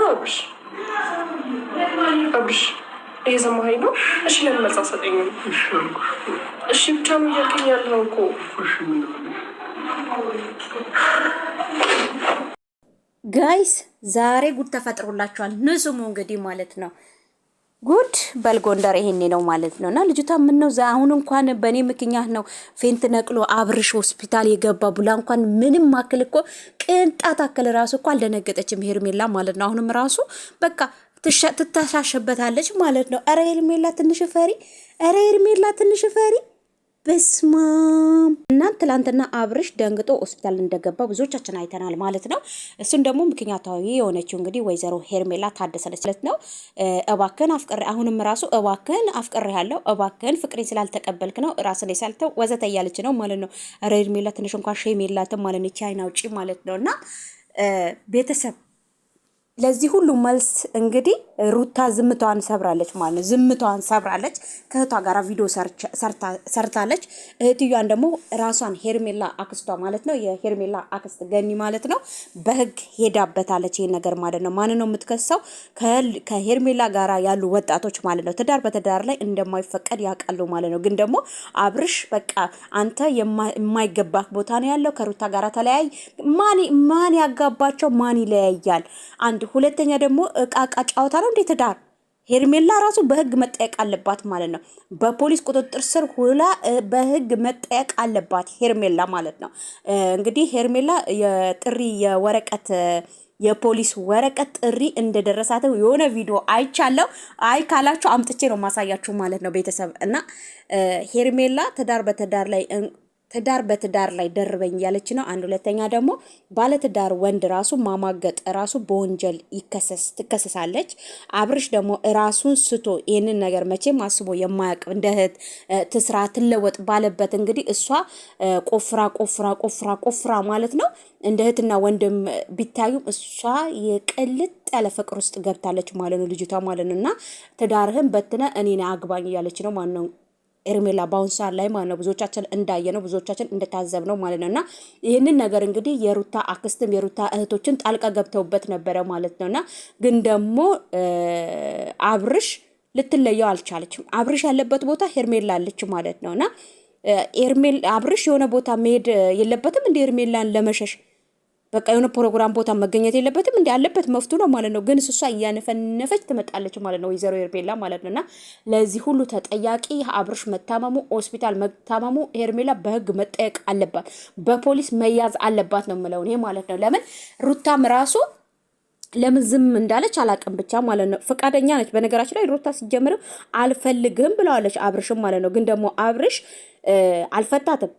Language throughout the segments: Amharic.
አብርሽ አብርሽ እየሰማኸኝ ነው? እሺ ለምን መልስ አትሰጠኝም? እሺ ብቻ ነው እያልከኝ ያለው እኮ ጋይስ ዛሬ ጉድ ተፈጥሮላችኋል። ንጹሙ እንግዲህ ማለት ነው ጉድ በልጎንደር ጎንደር ይሄኔ ነው ማለት ነው። እና ልጅቷ ምን ነው አሁን እንኳን በእኔ ምክንያት ነው ፌንት ነቅሎ አብርሽ ሆስፒታል የገባ ብላ እንኳን ምንም አክል እኮ ቅንጣት አክል ራሱ እኮ አልደነገጠችም ሄርሜላ ማለት ነው። አሁንም ራሱ በቃ ትታሻሸበታለች ማለት ነው። ኧረ ሄርሜላ ትንሽ ፈሪ፣ ኧረ ሄርሜላ ትንሽ ፈሪ በስማም እና ትላንትና አብርሽ ደንግጦ ሆስፒታል እንደገባ ብዙዎቻችን አይተናል ማለት ነው። እሱን ደግሞ ምክንያታዊ የሆነችው እንግዲህ ወይዘሮ ሄርሜላ ታደሰለች ማለት ነው። እባክህን አፍቅር አሁንም ራሱ እባክህን አፍቅር ያለው እባክህን ፍቅሬን ስላልተቀበልክ ነው ራስን የሳልተው ወዘተ እያለች ነው ማለት ነው። ሄርሜላ ትንሽ እንኳን ሼም የላትም ማለት ነው። ቻይና ውጪ ማለት ነው እና ቤተሰብ ለዚህ ሁሉ መልስ እንግዲህ ሩታ ዝምቷን ሰብራለች ማለት ነው። ዝምቷን ሰብራለች። ከእህቷ ጋር ቪዲዮ ሰርታለች። እህትዮዋን ደግሞ ራሷን ሄርሜላ አክስቷ ማለት ነው የሄርሜላ አክስት ገኒ ማለት ነው በህግ ሄዳበታለች። ይህን ነገር ማለት ነው ማን ነው የምትከሰው? ከሄርሜላ ጋራ ያሉ ወጣቶች ማለት ነው። ትዳር በትዳር ላይ እንደማይፈቀድ ያውቃሉ ማለት ነው። ግን ደግሞ አብርሽ በቃ አንተ የማይገባህ ቦታ ነው ያለው ከሩታ ጋራ ተለያይ። ማን ያጋባቸው ማን ይለያያል? አንድ ሁለተኛ ደግሞ እቃ እቃ ጨዋታ ነው እንዴ ትዳር? ሄርሜላ ራሱ በህግ መጠየቅ አለባት ማለት ነው። በፖሊስ ቁጥጥር ስር ሁላ በህግ መጠየቅ አለባት ሄርሜላ ማለት ነው። እንግዲህ ሄርሜላ የጥሪ የወረቀት የፖሊስ ወረቀት ጥሪ እንደደረሳት የሆነ ቪዲዮ አይቻለው። አይ ካላችሁ አምጥቼ ነው ማሳያችሁ ማለት ነው ቤተሰብ እና ሄርሜላ ትዳር በትዳር ላይ ትዳር በትዳር ላይ ደርበኝ እያለች ነው። አንድ ሁለተኛ ደግሞ ባለትዳር ወንድ ራሱ ማማገጥ ራሱ በወንጀል ትከሰሳለች። አብርሽ ደግሞ ራሱን ስቶ ይህንን ነገር መቼም አስቦ የማያውቅ እንደ እህት ትስራ ትለወጥ ባለበት እንግዲህ እሷ ቆፍራ ቆፍራ ቆፍራ ቆፍራ ማለት ነው እንደ እህትና ወንድም ቢታዩም እሷ የቅልጥ ያለ ፍቅር ውስጥ ገብታለች ማለት ነው ልጅቷ ማለት ነው። እና ትዳርህን በትነ እኔን አግባኝ እያለች ነው ማነው ኤርሜላ በአሁን ሰዓት ላይ ማለት ነው ብዙዎቻችን እንዳየ ነው ብዙዎቻችን እንደታዘብ ነው ማለት ነው። እና ይህንን ነገር እንግዲህ የሩታ አክስትም የሩታ እህቶችን ጣልቃ ገብተውበት ነበረ ማለት ነው። እና ግን ደግሞ አብርሽ ልትለየው አልቻለችም። አብርሽ ያለበት ቦታ ሄርሜላ አለች ማለት ነው። እና አብርሽ የሆነ ቦታ መሄድ የለበትም እንደ ኤርሜላን ለመሸሽ በቃ የሆነ ፕሮግራም ቦታ መገኘት የለበትም እንዲ ያለበት መፍቱ ነው ማለት ነው። ግን እሷ እያነፈነፈች ትመጣለች ማለት ነው፣ ወይዘሮ ሄርሜላ ማለት ነው። እና ለዚህ ሁሉ ተጠያቂ አብርሽ መታመሙ፣ ሆስፒታል መታመሙ ሄርሜላ በህግ መጠየቅ አለባት፣ በፖሊስ መያዝ አለባት ነው የምለውን ይሄ ማለት ነው። ለምን ሩታም ራሱ ለምን ዝም እንዳለች አላቅም፣ ብቻ ማለት ነው። ፈቃደኛ ነች። በነገራችን ላይ ሩታ ሲጀምርም አልፈልግም ብለዋለች አብርሽም ማለት ነው። ግን ደግሞ አብርሽ አልፈታትም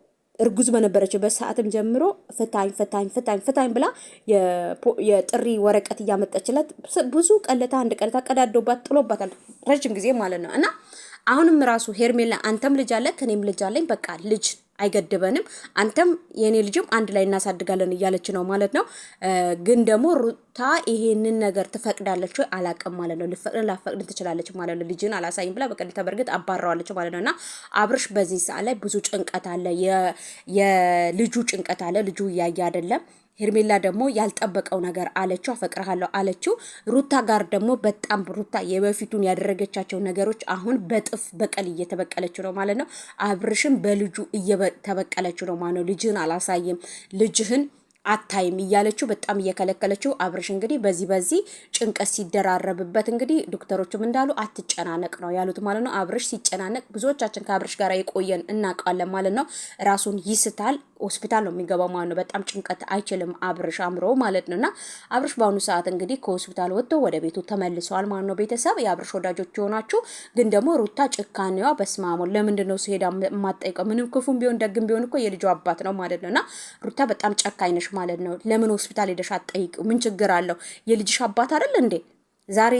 እርጉዝ በነበረችበት ሰዓትም ጀምሮ ፍታኝ ፍታኝ ፍታኝ ፍታኝ ብላ የጥሪ ወረቀት እያመጠችለት ብዙ ቀለታ አንድ ቀለታ ቀዳዶባት ጥሎባታል። ረጅም ጊዜ ማለት ነው። እና አሁንም ራሱ ሄርሜላ አንተም ልጅ አለ ከኔም ልጅ አለኝ በቃ ልጅ አይገድበንም። አንተም የኔ ልጅም አንድ ላይ እናሳድጋለን እያለች ነው ማለት ነው። ግን ደግሞ ሩታ ይሄንን ነገር ትፈቅዳለች ወይ አላቅም ማለት ነው። ልፈቅድን ላፈቅድን ትችላለች ማለት ነው። ልጅን አላሳይም ብላ በቀደም በእርግጥ አባረዋለች ማለት ነው። እና አብርሽ በዚህ ሰዓት ላይ ብዙ ጭንቀት አለ፣ የልጁ ጭንቀት አለ። ልጁ እያየ አይደለም ሄርሜላ ደግሞ ያልጠበቀው ነገር አለችው። አፈቅርሃለሁ አለችው። ሩታ ጋር ደግሞ በጣም ሩታ የበፊቱን ያደረገቻቸው ነገሮች አሁን በጥፍ በቀል እየተበቀለችው ነው ማለት ነው። አብርሽም በልጁ እየተበቀለችው ነው ማለት ነው። ልጅህን አላሳይም ልጅህን አታይም እያለችው በጣም እየከለከለችው፣ አብርሽ እንግዲህ በዚህ በዚህ ጭንቀት ሲደራረብበት እንግዲህ ዶክተሮችም እንዳሉ አትጨናነቅ ነው ያሉት ማለት ነው። አብርሽ ሲጨናነቅ ብዙዎቻችን ከአብርሽ ጋር የቆየን እናውቃለን ማለት ነው። ራሱን ይስታል፣ ሆስፒታል ነው የሚገባው ማለት ነው። በጣም ጭንቀት አይችልም አብርሽ አምሮ ማለት ነው። እና አብርሽ በአሁኑ ሰዓት እንግዲህ ከሆስፒታል ወጥቶ ወደ ቤቱ ተመልሰዋል ማለት ነው። ቤተሰብ የአብርሽ ወዳጆች የሆናችሁ ግን ደግሞ ሩታ ጭካኔዋ በስማሙ ለምንድን ነው ሲሄዳ የማጠይቀው? ምንም ክፉም ቢሆን ደግም ቢሆን እኮ የልጁ አባት ነው ማለት ነው። እና ሩታ በጣም ጨካኝ ነሽ ማለት ነው። ለምን ሆስፒታል ሄደሽ አትጠይቂው? ምን ችግር አለው? የልጅሽ አባት አይደል እንዴ? ዛሬ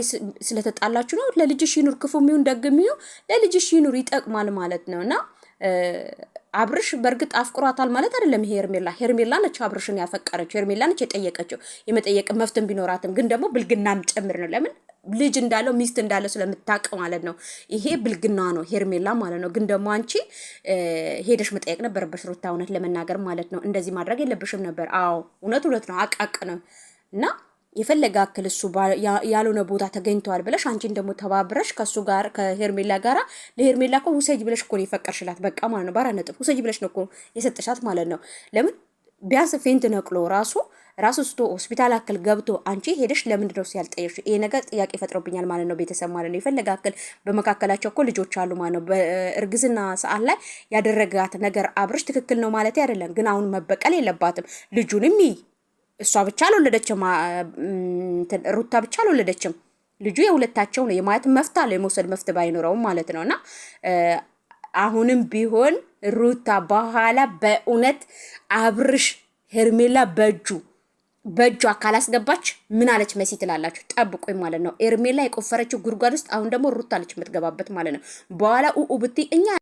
ስለተጣላችሁ ነው። ለልጅሽ ይኑር፣ ክፉ የሚሆን ደግ የሚሆን ለልጅሽ ይኑር፣ ይጠቅማል ማለት ነው እና አብርሽ በእርግጥ አፍቅሯታል ማለት አይደለም። ይሄ ሄርሜላ ሄርሜላ ነች አብርሽን ያፈቀረችው፣ ሄርሜላ ነች የጠየቀችው። የመጠየቅ መፍትን ቢኖራትም ግን ደግሞ ብልግናም ጭምር ነው። ለምን ልጅ እንዳለው ሚስት እንዳለው ስለምታውቅ ማለት ነው። ይሄ ብልግና ነው ሄርሜላ ማለት ነው። ግን ደግሞ አንቺ ሄደሽ መጠየቅ ነበረብሽ ሩታ፣ እውነት ለመናገር ማለት ነው። እንደዚህ ማድረግ የለብሽም ነበር። አዎ እውነት እውነት ነው፣ አቃቅ ነው እና የፈለገ አክል እሱ ያልሆነ ቦታ ተገኝተዋል ብለሽ አንቺን ደግሞ ተባብረሽ ከእሱ ጋር ከሄርሜላ ጋር ለሄርሜላ እኮ ውሰጅ ብለሽ እኮ ነው የፈቀርሽላት። በቃ ማለት ነው ነጥብ ውሰጅ ብለሽ ነው እኮ የሰጠሻት ማለት ነው ለምን ቢያንስ ፌንት ነቅሎ ራሱ ራሱ ስቶ ሆስፒታል አክል ገብቶ አንቺ ሄደሽ ለምንድን ነው ሲያልጠየሽ? ይሄ ነገር ጥያቄ ፈጥሮብኛል ማለት ነው። ቤተሰብ ማለት ነው የፈለገ አክል በመካከላቸው እኮ ልጆች አሉ ማለት ነው። በእርግዝና ሰዓት ላይ ያደረጋት ነገር አብርሽ ትክክል ነው ማለት አይደለም፣ ግን አሁን መበቀል የለባትም ልጁንም። እሷ ብቻ አልወለደችም፣ ሩታ ብቻ አልወለደችም። ልጁ የሁለታቸው ነው። የማየት መፍት አለው የመውሰድ መፍት ባይኖረውም ማለት ነው እና አሁንም ቢሆን ሩታ በኋላ በእውነት አብርሽ ሄርሜላ በእጁ በእጁ አካል አስገባች። ምን አለች መሲ ትላላችሁ? ጠብቆኝ ማለት ነው። ሄርሜላ የቆፈረችው ጉድጓድ ውስጥ አሁን ደግሞ ሩታ አለች የምትገባበት ማለት ነው። በኋላ ኡኡ ብትይ እኛ